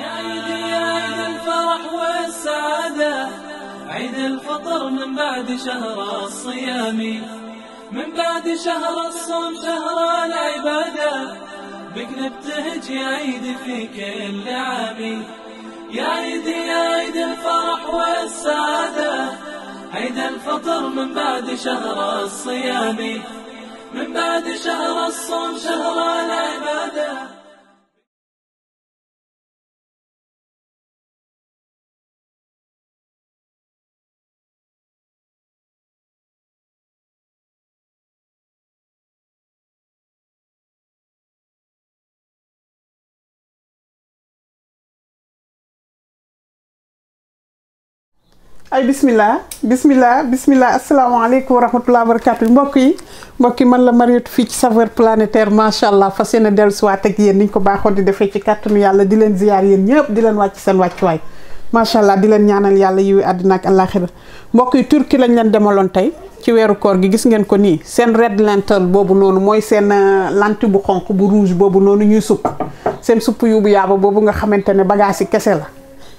يا عيد يا عيد الفرح والسعادة عيد الفطر من بعد شهر الصيام من بعد شهر الصوم شهر العبادة بك نبتهج يا عيد في كل عام يا عيد يا عيد الفرح والسعادة عيد الفطر من بعد شهر الصيام من بعد شهر الصوم شهر العبادة ay bismillah bismillah bismillah alaykum wa wa barakatuh mbok yi mbok yi man la mariot fi ci saveur planétaire sha allah fas yéene dellusiwaat ak yeen niñ ko baxone di ci carton yalla di len ziar yeen ñepp di sen wacc way ma sha allah di len ñaanal yalla yu àddina ak àllaaxira mbok yi turki lañ len demalon tay ci wéru koor gi gis ngeen ko ni sen red lantern bobu noonu moy sen euh, lanti bu xonku bu rouge bobu noonu ñuy supp sen supp yu bu yaaba bobu nga xamantene bagage ci kessela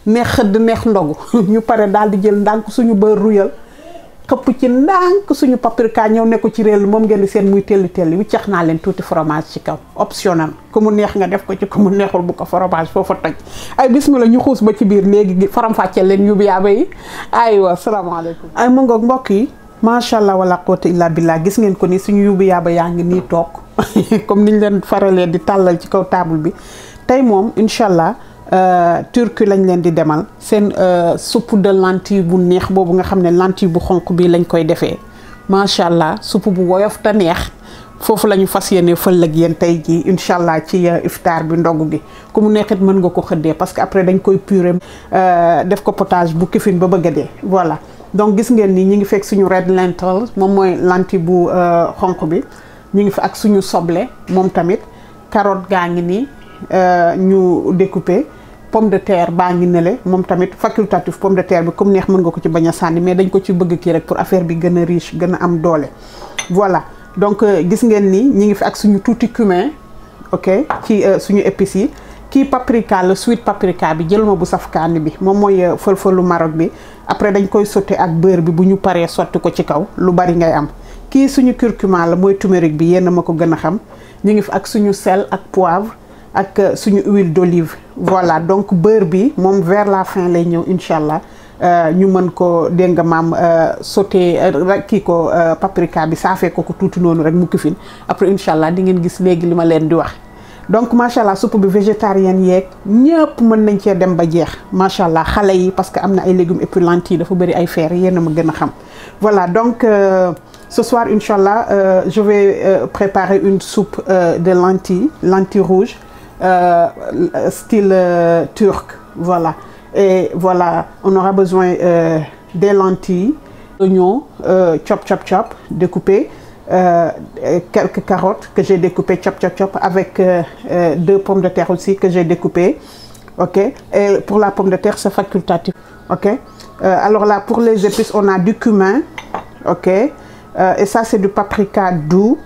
neex xëdd neex ndogu ñu pare dal di jël ndank suñu bër ruyal xëpp ci ndank suñu paprika ñew neeku ci réel mom ngeen di seen muy telli telli wi naa leen tuuti fromage ci kaw optionnel ku mu neex nga def ko ci ku mu neexul bu ko fromage fofu tag ay bismillah ñu xoos ba ci biir legi faram-fàcce leen bay ay wa assalamu alaykum ay mo ngok mbokk yi sha allah wala quwwata illa billah gis ngeen ko ni suñu comme niñ leen faralé di talal ci kaw table bi tay mom inshallah Euh, turc lañ leen di demal seen euh, soupe de lentille bu neex boobu nga xam ne lentille bu xonq bi lañ koy defee macha allah soupe bu woyof te neex foofu la ñu fas yéene fël ak yéen tey jii incha allah ci euh, iftaar bi ndogu gi ku mu neexit mën nga ko xëddee parce que après dañ koy purée def ko potage bu kifin ba bëgg a voilà donc gis ngeen nii ñu ngi fekk suñu red lentil moom mooy lentille bu xonq bi ñu ngi fi ak suñu soble moom tamit carotte gaa ngi nii Euh, ñu découper pomme de terre baa ngi nele moom tamit facultatif pomme de terre bi comme neex mën nga ko ci bañ a sànni mais dañ ko ci bëgg kii rek pour affaire bi gën a riche gën a am doole. voilà donc euh, gis ngeen ni ñu ngi fi ak suñu tuuti cumin ok ci euh, suñu épice yi kii paprika la sweet paprika bi jël ma bu safkaani bi moom mooy fël-fëlu Maroc bi après dañ koy sauté ak beurre bi bu ñu paree sotti ko ci kaw lu bari ngay am. kii suñu curcuma la mooy turmeric bi yéen a ma ko gën a xam ñu ngi fi ak suñu sel ak poivre. ak euh, suñu huile d'olive voilà donc beurre bi vers la fin lay nous inshallah euh ñu mën ko dénga mam euh sauté euh, rek euh, paprika bi safé ko ko tout nonu rek mu après inshallah, nous di ngeen gis lima ma di wax. donc machallah soupe végétarienne yek ñepp mën nañ ci dem ba jeex yi parce que amna ay légumes et puis lentilles dafa bëri ay fer faire. ma gëna xam voilà donc. Ce soir, Inch'Allah, euh, je vais préparer une soupe euh, de lentilles, lentilles rouges, euh, style euh, turc. Voilà. Et voilà, on aura besoin euh, des lentilles, oignons, chop chop chop, découpés, quelques carottes que j'ai découpées chop chop chop, avec deux pommes de terre aussi que j'ai découpées. Ok. Et pour la pomme de terre, c'est facultatif. Ok. alors là, pour les épices, on a du cumin. Ok. et ça, c'est du paprika doux.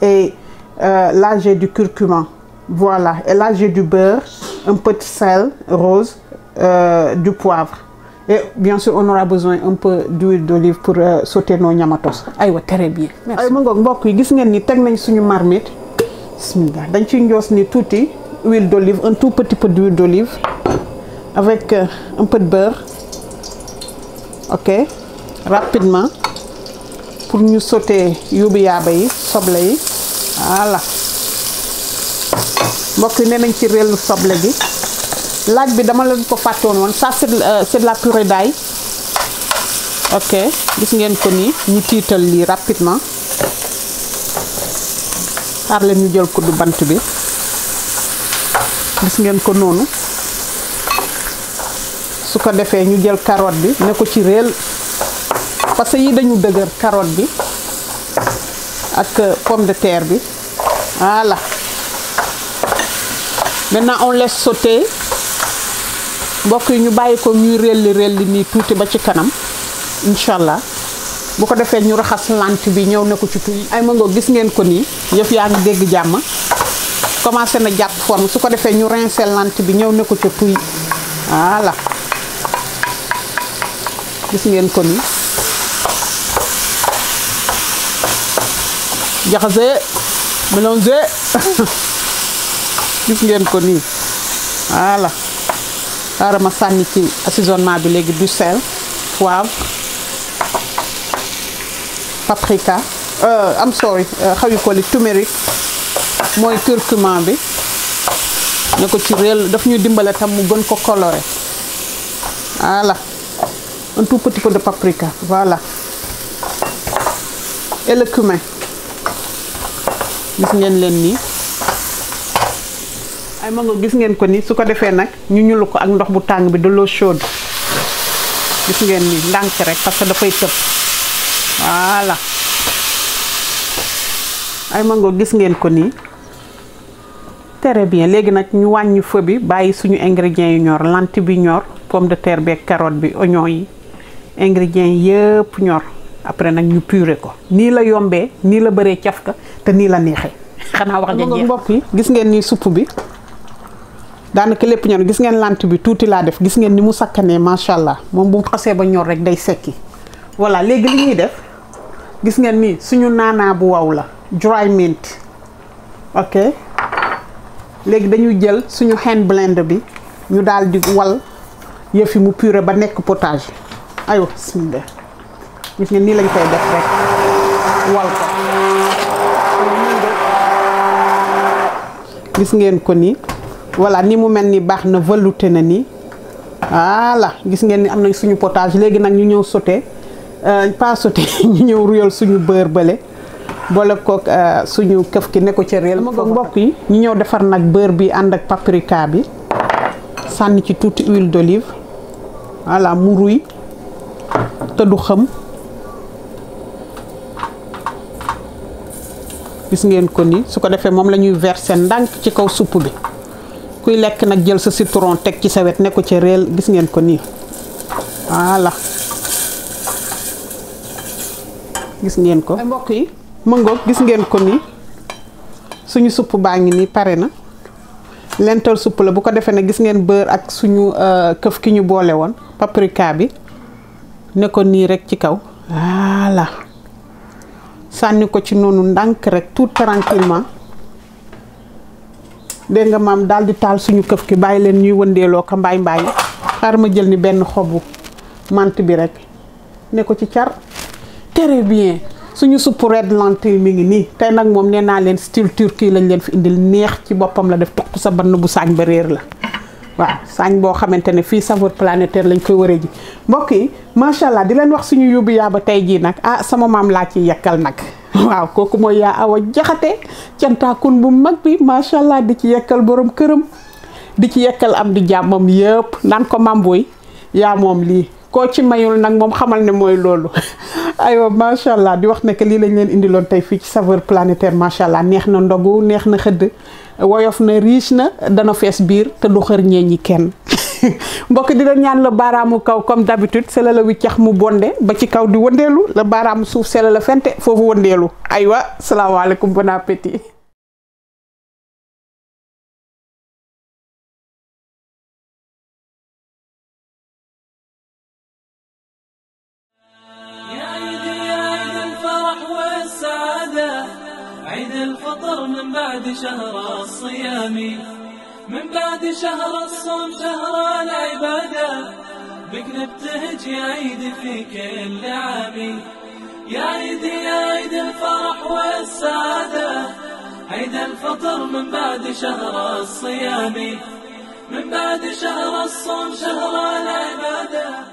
Et là, j'ai du curcuma. Voilà, et là j'ai du beurre, un peu de sel rose, euh, du poivre. Et bien sûr, on aura besoin un peu d'huile d'olive pour euh, sauter nos nyamatos. Aïe, très bien. Merci. Aïe, mon gars, ni voyez, marmite. nous tout huile d'olive, un tout petit peu d'huile d'olive avec euh, un peu de beurre. Ok, rapidement pour nous sauter yubi yabayi, Voilà. mbokk yi nenañ ci reelu soble gi laaj bi dama leen ko fàttoon woon ça c'est euh, c'est la purée d'ail ok gis ngeen ko ni ñu tiital lii rapidement xaar leen ñu jël ko du bant bi gis ngeen ko noonu su ko defee ñu jël carotte bi ne ko ci réel parce que yi dañu dëgër carotte bi ak euh, pomme de terre bi voilà maintenant on laisse sauter mbokk yi ñu bàyyi ko ñuy relli relli ni touti ba ci kanam inshallah bu ko défé ñu raxas lante bi ñew na ko ci tuuti ay mango gis ngeen ko ni ya nga dégg na forme su ko ñu bi na ko voilà gis ngeen ko ni jaxase gis ngeen ko nii voilà xaaral ma sànni ci assaisonnement bi léegi du sel poivre paprika euh, I'm sorry euh, how you call it? turmeric mooy curcuma bi ne ko ci réel daf ñuy dimbale tam mu gën ko coloré voilà un tout petit peu de paprika voilà et le cumin gis ngeen leen nii ay mango gis ngeen ko nii su ko defee nag ñu ñulu ko ak ndox bu tàng bi de l'eau chaude gis ngeen ni ndànk rek parce que dafay tëb voilà ay mango gis ngeen ko nii tere bien léegi nag ñu wàññi feu bi bàyyi suñu ingrédients yi ñor lant bi ñor pomme de terre beeg carotte bi oignon yi ingrédients yëpp ñor après nag ñu puré ko nii la yombee nii la bëree cafka te nii la neexee xanaa wax ja jeex gis ngeen ni supp bi ke lepp ñan gis ngeen lante bi touti la def gis ngeen ni mu ma sha allah mom bu xasse ba ñor rek day sekki voilà léegi li ñuy def gis ngeen ni suñu nana bu waw la dry mint ok léegi dañu jël suñu hand blender bi ñu dal di wal yeufi mu puré ba nek potage ayo bismillah gis ngeen ni lañ koy def rek wal ko gis ngeen ko ni voilà ni mu melni baxna velouté na ni wala gis ngeen ni amna suñu potage légui nak ñu ñew sauté euh, pas sauté ñu ñew ruyol suñu beurre bolé ko euh suñu keuf ki neko ci réel ma mbokk yi ñu ñew défar nak beur bi and ak paprika bi sanni ci toute huile d'olive wala mu ruy te du xam gis ngeen ko ni su ko defee verser ndank ci kaw soupe bi kuy lek nak jël sa citron tek ci sawet ne ko ci reel gis ngeen ko ni wala gis ngeen ko mbokk yi mëngoog gis ngeen ko ni suñu supp baangi ni paré na lentil la bu ko defé ne gis ngeen beurre ak suñu keuf ki ñu bolé won paprika bi ne ko ni rek ci kaw wala sanni ko ci nonu ndank rek tout tranquillement dégg nga maam daal di taal suñu këf ki bàyyi leen ñuy wëndeeloo ko mbaay mbaay xaar ma jël ni benn xobu mant bi rek ne ko ci car très bien suñu suppu red lentille mi ngi nii tey nag moom nee naa leen style turquie lañ leen fi indil neex ci boppam la def toq sa bann bu saañ ba réer la waaw saañ boo xamante ne fii saveur planetaire lañ koy waree ji mbokk yi macha allah di leen wax suñu yóbbu yaa ba tey jii nag ah sama maam laa ci yekkal nag waaw kooku mooy yaa awa jaxate cantaakun bu mag bi macha allah di ci yekkal borom këram di ci yekkal am di jàmmam yëpp naan ko mamboy yaa moom lii koo ci mayul nag moom xamal ne mooy loolu aywa macha allah di wax ne que lii lañ leen indiloon tey fii ci saveur planétaire macha allah neex na ndogu neex na xëdd woyof na riis na dana fees biir te du xër ñee ñi kenn. mbokk di leen ñaan la baaraamu kaw comme d'habitude sela la wiccax mu bonde ba ci kaw di la baaraamu suuf la fente foofu wëndeelu aywa salaamaaleykum bon appétit عيد الفطر من بعد شهر الصيام من بعد شهر الصوم شهر العبادة بك نبتهج يا عيد في كل عامي يا عيد يا عيد الفرح والسعادة عيد الفطر من بعد شهر الصيام من بعد شهر الصوم شهر العباده